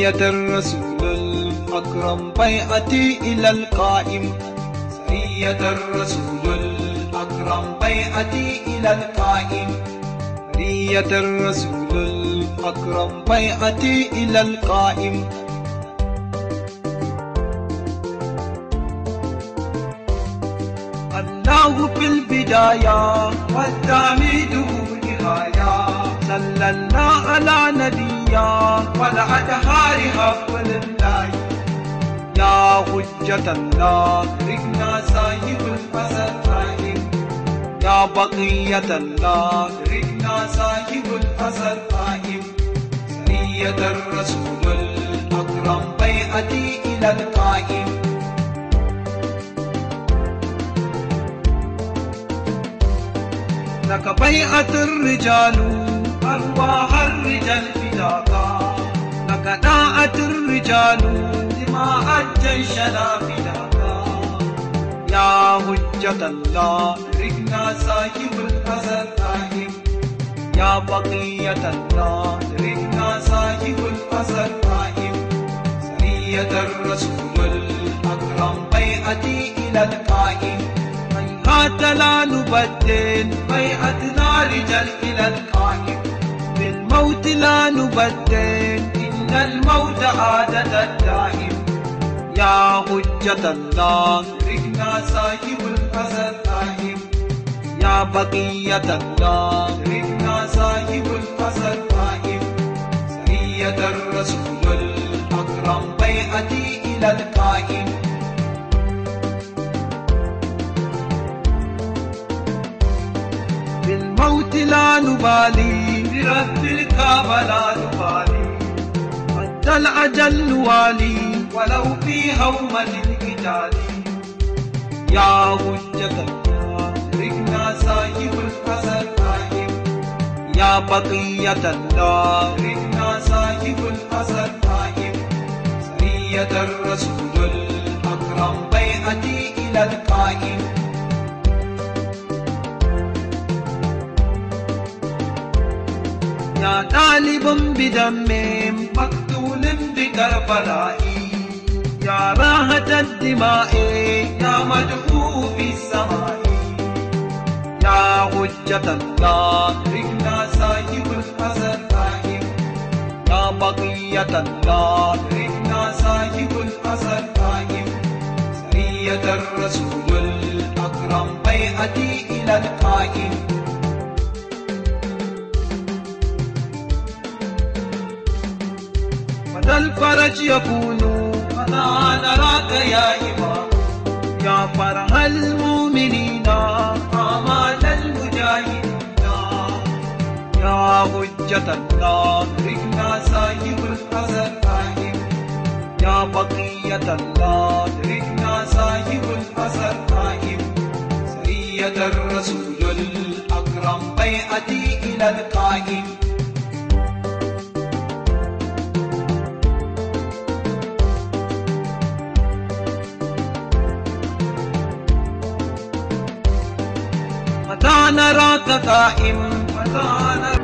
تحية الرسول الأكرم بيعتي إلى القائم سرية الرسول الأكرم بيعتي إلى القائم سرية الرسول الأكرم بيعتي إلى القائم الله في البداية والتعميد هو صلى على نبيا ولعد هارها ولله يا حجة الله رجنا سايب المسرائيم يا بقية الله رجنا سايب قائم سنية الرسول الأكرم بيعتي إلى القائم لك بيعة الرجال أرواح الرجال فداقا لقد ضاعت الرجال دماء الجيش لا فداقا يا حجة الله رجنا صاحب الأزل راحم يا بقية الله رجنا صاحب الأزل راحم سرية الرسول الأكرم بيعتي إلى القائم حتى لا نبدل بيعتنا رجال إلى القائم الموت لا نبدل إن الموت عادة الدائم يا حجة الله رجنا صاحب الأسد دائم يا بقية الله رجنا صاحب الأسد دائم سرية الرسول الأكرم بيعتي إلى القائم بالموت لا نبالي برب فلا تبالي حتى الأجل والي ولو في هومة القتال يا وجك ركنا سايب الحسن نايم يا بقية الله ركنا سايب الحسن نايم سرية الرسول الأكرم بيعتي إلى القائم طالبم بدم مقتول بكربلائي يا راهة الدماء يا مدعو في السماء يا حجة الله رجنا سايب الحسن قائم يا بقية الله رجنا سايب الحسن قائم سرية الرسول الفرج يكون أنا نراك يا إمام يا فرح المؤمنين آمال المجاهدين يا حجة الله رجنا سايب الحزن يا بقية الله رجنا نراك قائم ولا نراك